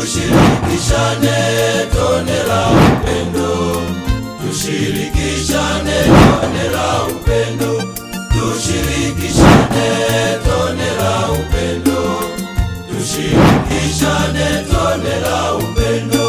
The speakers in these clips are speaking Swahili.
Tushirikishane tone la upendo, tushirikishane tone la upendo, tushirikishane tone la upendo, tushirikishane tone la upendo.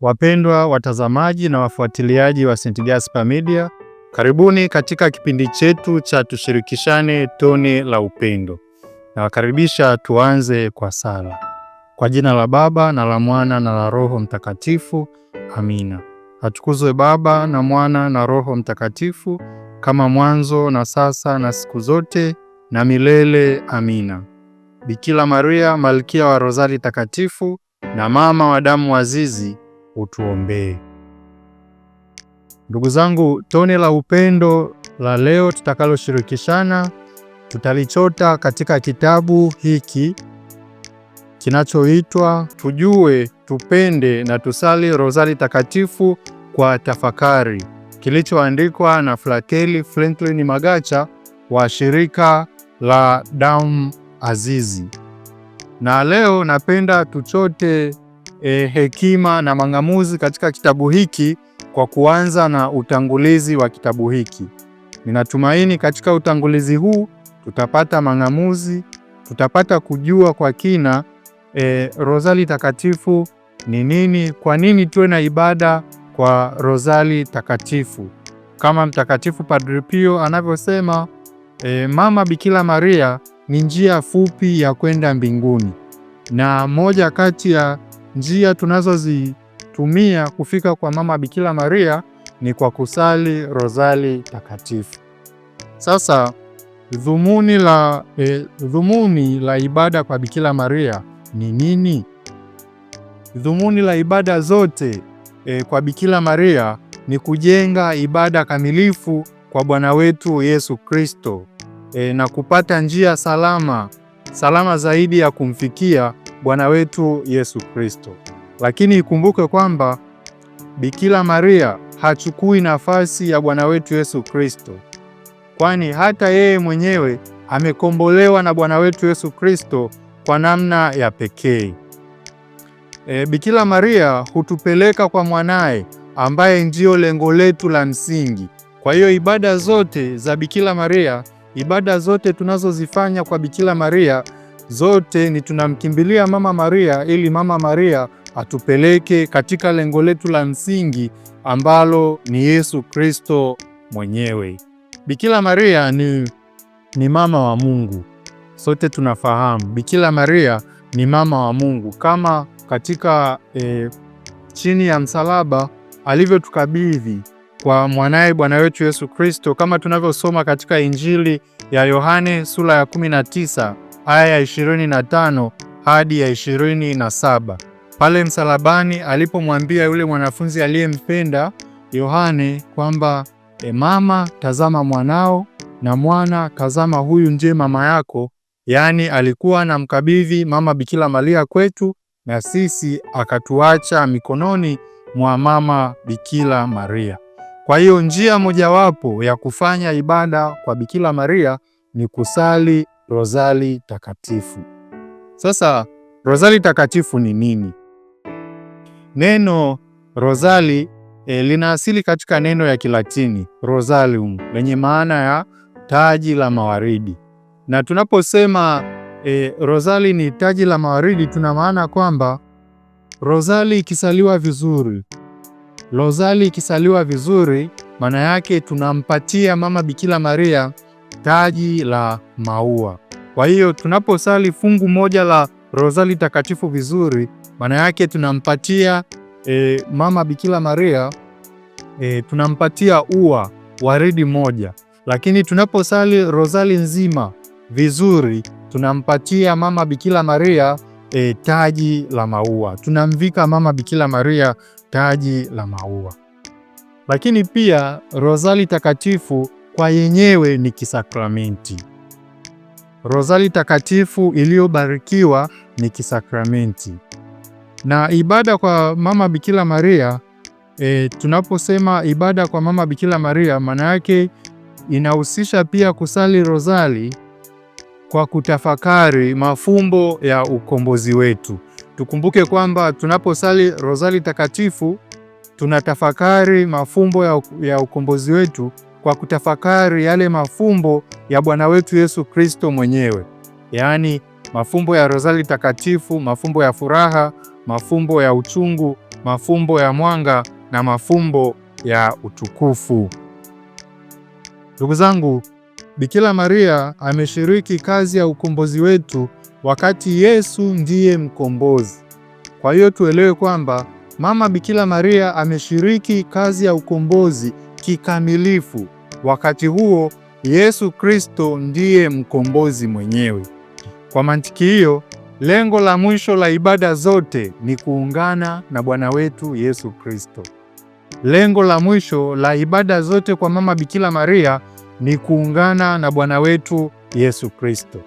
Wapendwa watazamaji na wafuatiliaji wa St. Gaspar Media, karibuni katika kipindi chetu cha tushirikishane tone la upendo. Nawakaribisha tuanze kwa sala. Kwa jina la Baba na la Mwana na la Roho Mtakatifu, amina. Atukuzwe Baba na Mwana na Roho Mtakatifu, kama mwanzo na sasa na siku zote na milele. Amina. Bikira Maria, malkia wa Rozari Takatifu na mama wa damu wazizi, utuombee. Ndugu zangu, tone la upendo la leo tutakaloshirikishana tutalichota katika kitabu hiki kinachoitwa Tujue, Tupende na Tusali Rozari Takatifu kwa Tafakari, kilichoandikwa na Frateli Franklin Magacha wa shirika la Damu Azizi. Na leo napenda tuchote e, hekima na mang'amuzi katika kitabu hiki kwa kuanza na utangulizi wa kitabu hiki. Ninatumaini katika utangulizi huu tutapata mang'amuzi, tutapata kujua kwa kina e, Rozari Takatifu ni nini, kwa nini tuwe na ibada kwa Rozari Takatifu. Kama Mtakatifu Padre Pio anavyosema, e, Mama Bikira Maria ni njia fupi ya kwenda mbinguni, na moja kati ya njia tunazozitumia kufika kwa Mama Bikira Maria ni kwa kusali Rozari Takatifu. Sasa Dhumuni la, e, dhumuni la ibada kwa Bikira Maria ni nini? Dhumuni la ibada zote e, kwa Bikira Maria ni kujenga ibada kamilifu kwa Bwana wetu Yesu Kristo e, na kupata njia salama salama zaidi ya kumfikia Bwana wetu Yesu Kristo. Lakini ikumbuke kwamba Bikira Maria hachukui nafasi ya Bwana wetu Yesu Kristo kwani hata yeye mwenyewe amekombolewa na Bwana wetu Yesu Kristo kwa namna ya pekee. E, Bikira Maria hutupeleka kwa mwanaye ambaye ndiyo lengo letu la msingi. Kwa hiyo ibada zote za Bikira Maria, ibada zote tunazozifanya kwa Bikira Maria, zote ni tunamkimbilia Mama Maria ili Mama Maria atupeleke katika lengo letu la msingi ambalo ni Yesu Kristo mwenyewe. Bikira Maria ni, ni mama wa Mungu, sote tunafahamu Bikira Maria ni mama wa Mungu kama katika e, chini ya msalaba alivyotukabidhi kwa mwanaye Bwana wetu Yesu Kristo, kama tunavyosoma katika Injili ya Yohane sura ya 19 aya ya 25 hadi ya 27, pale msalabani alipomwambia yule mwanafunzi aliyempenda Yohane kwamba e, mama tazama mwanao na mwana tazama huyu ndiye mama yako. Yaani alikuwa anamkabidhi mama Bikira Maria kwetu na sisi akatuacha mikononi mwa mama Bikira Maria. Kwa hiyo njia mojawapo ya kufanya ibada kwa Bikira Maria ni kusali rozali Takatifu. Sasa rozali Takatifu ni nini? Neno rozali e, lina asili katika neno ya Kilatini rosalium lenye maana ya taji la mawaridi, na tunaposema e, eh, rosali ni taji la mawaridi, tuna maana kwamba rosali ikisaliwa vizuri, rosali ikisaliwa vizuri, maana yake tunampatia mama Bikira Maria taji la maua. Kwa hiyo tunaposali fungu moja la rosali takatifu vizuri, maana yake tunampatia e, mama Bikira Maria e, tunampatia ua waridi moja, lakini tunaposali rozali nzima vizuri tunampatia Mama Bikira Maria e, taji la maua, tunamvika Mama Bikira Maria taji la maua. Lakini pia rozali takatifu kwa yenyewe ni kisakramenti. Rozali takatifu iliyobarikiwa ni kisakramenti, na ibada kwa Mama Bikira Maria E, tunaposema ibada kwa Mama Bikira Maria, maana yake inahusisha pia kusali rozali kwa kutafakari mafumbo ya ukombozi wetu. Tukumbuke kwamba tunaposali rozali takatifu tunatafakari mafumbo ya, ya ukombozi wetu kwa kutafakari yale mafumbo ya Bwana wetu Yesu Kristo mwenyewe, yaani mafumbo ya rozali takatifu, mafumbo ya furaha, mafumbo ya uchungu, mafumbo ya mwanga na mafumbo ya utukufu. Ndugu zangu, Bikira Maria ameshiriki kazi ya ukombozi wetu wakati Yesu ndiye mkombozi. Kwa hiyo tuelewe kwamba Mama Bikira Maria ameshiriki kazi ya ukombozi kikamilifu. Wakati huo Yesu Kristo ndiye mkombozi mwenyewe. Kwa mantiki hiyo, lengo la mwisho la ibada zote ni kuungana na Bwana wetu Yesu Kristo. Lengo la mwisho la ibada zote kwa Mama Bikira Maria ni kuungana na Bwana wetu Yesu Kristo.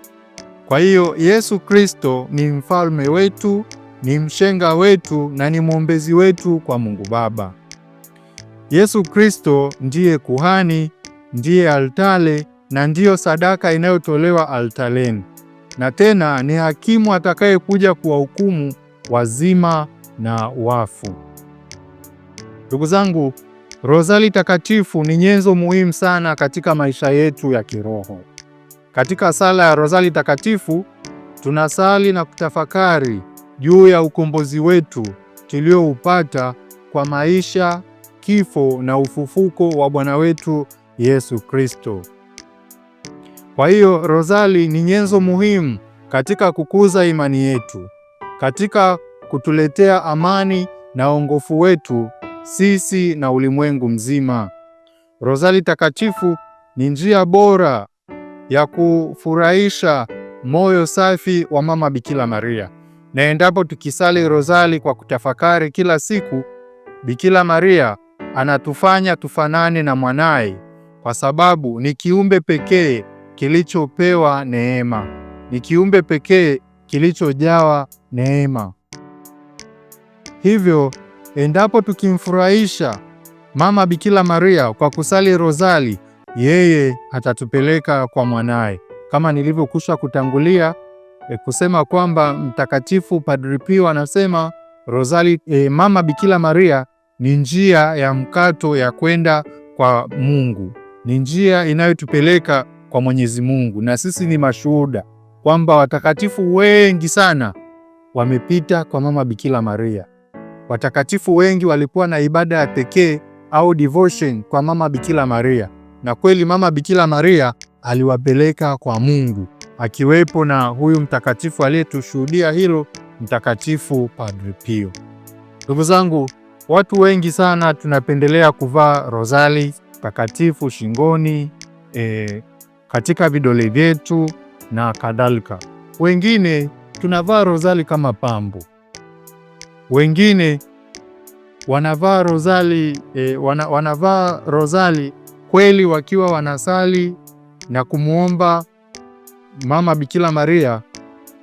Kwa hiyo Yesu Kristo ni mfalme wetu, ni mshenga wetu na ni mwombezi wetu kwa Mungu Baba. Yesu Kristo ndiye kuhani, ndiye altare na ndiyo sadaka inayotolewa altareni, na tena ni hakimu atakayekuja kuwahukumu wazima na wafu. Ndugu zangu, Rozari Takatifu ni nyenzo muhimu sana katika maisha yetu ya kiroho. Katika sala ya Rozari Takatifu tunasali na kutafakari juu ya ukombozi wetu tulioupata kwa maisha, kifo na ufufuko wa Bwana wetu Yesu Kristo. Kwa hiyo, Rozari ni nyenzo muhimu katika kukuza imani yetu, katika kutuletea amani na ongofu wetu sisi na ulimwengu mzima. Rozari takatifu ni njia bora ya kufurahisha moyo safi wa Mama Bikira Maria, na endapo tukisali rozari kwa kutafakari kila siku, Bikira Maria anatufanya tufanane na mwanaye, kwa sababu ni kiumbe pekee kilichopewa neema, ni kiumbe pekee kilichojawa neema. Hivyo Endapo tukimfurahisha Mama Bikira Maria kwa kusali rozali, yeye atatupeleka kwa mwanaye, kama nilivyokusha kutangulia e, kusema kwamba Mtakatifu Padri Pio anasema rozali e, Mama Bikira Maria ni njia ya mkato ya kwenda kwa Mungu, ni njia inayotupeleka kwa Mwenyezi Mungu, na sisi ni mashuhuda kwamba watakatifu wengi sana wamepita kwa Mama Bikira Maria. Watakatifu wengi walikuwa na ibada ya pekee au devotion kwa Mama Bikira Maria, na kweli Mama Bikira Maria aliwapeleka kwa Mungu, akiwepo na huyu mtakatifu aliyetushuhudia hilo, Mtakatifu Padre Pio. Ndugu zangu, watu wengi sana tunapendelea kuvaa rozali takatifu shingoni, e, katika vidole vyetu na kadhalika. Wengine tunavaa rozali kama pambo. Wengine wanavaa rozali e, wana, wanavaa rozali kweli wakiwa wanasali na kumwomba Mama Bikira Maria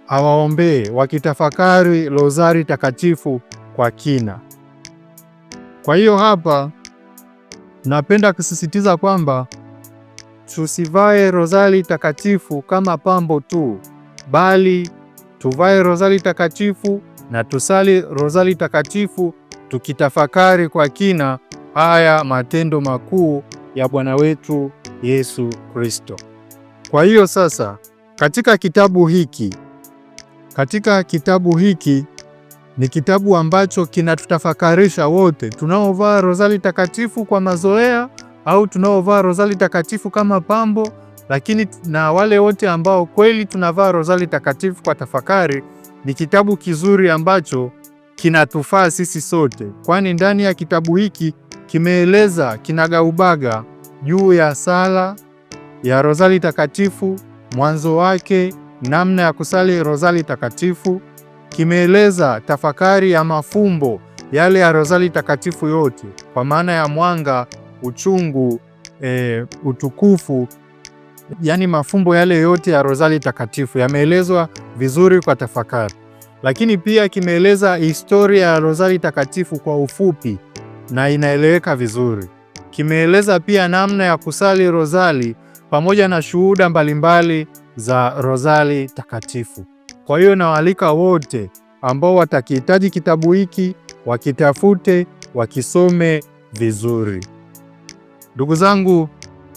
awaombee wakitafakari rozari takatifu kwa kina. Kwa hiyo hapa napenda kusisitiza kwamba tusivae rozari takatifu kama pambo tu, bali tuvae rozari takatifu na tusali rozali takatifu tukitafakari kwa kina haya matendo makuu ya Bwana wetu Yesu Kristo. Kwa hiyo sasa, katika kitabu hiki katika kitabu hiki ni kitabu ambacho kinatutafakarisha wote tunaovaa rozali takatifu kwa mazoea au tunaovaa rozali takatifu kama pambo, lakini na wale wote ambao kweli tunavaa rozali takatifu kwa tafakari ni kitabu kizuri ambacho kinatufaa sisi sote, kwani ndani ya kitabu hiki kimeeleza kinagaubaga juu ya sala ya Rozari Takatifu, mwanzo wake, namna ya kusali Rozari Takatifu. Kimeeleza tafakari ya mafumbo yale ya Rozari Takatifu yote kwa maana ya mwanga, uchungu, e, utukufu, yaani mafumbo yale yote ya Rozari Takatifu yameelezwa vizuri kwa tafakari, lakini pia kimeeleza historia ya Rozari Takatifu kwa ufupi na inaeleweka vizuri. Kimeeleza pia namna ya kusali Rozari pamoja na shuhuda mbalimbali za Rozari Takatifu. Kwa hiyo nawaalika wote ambao watakihitaji kitabu hiki wakitafute, wakisome vizuri. Ndugu zangu,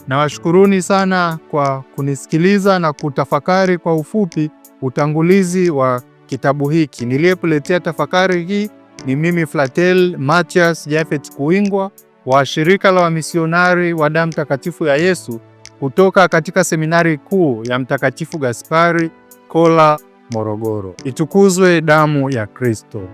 nawashukuruni sana kwa kunisikiliza na kutafakari kwa ufupi utangulizi wa kitabu hiki. Niliyekuletea tafakari hii ni mimi Flatel Matias jafet Kuingwa wa shirika la wamisionari wa, wa damu takatifu ya Yesu kutoka katika seminari kuu ya Mtakatifu Gaspari Kola Morogoro. Itukuzwe damu ya Kristo!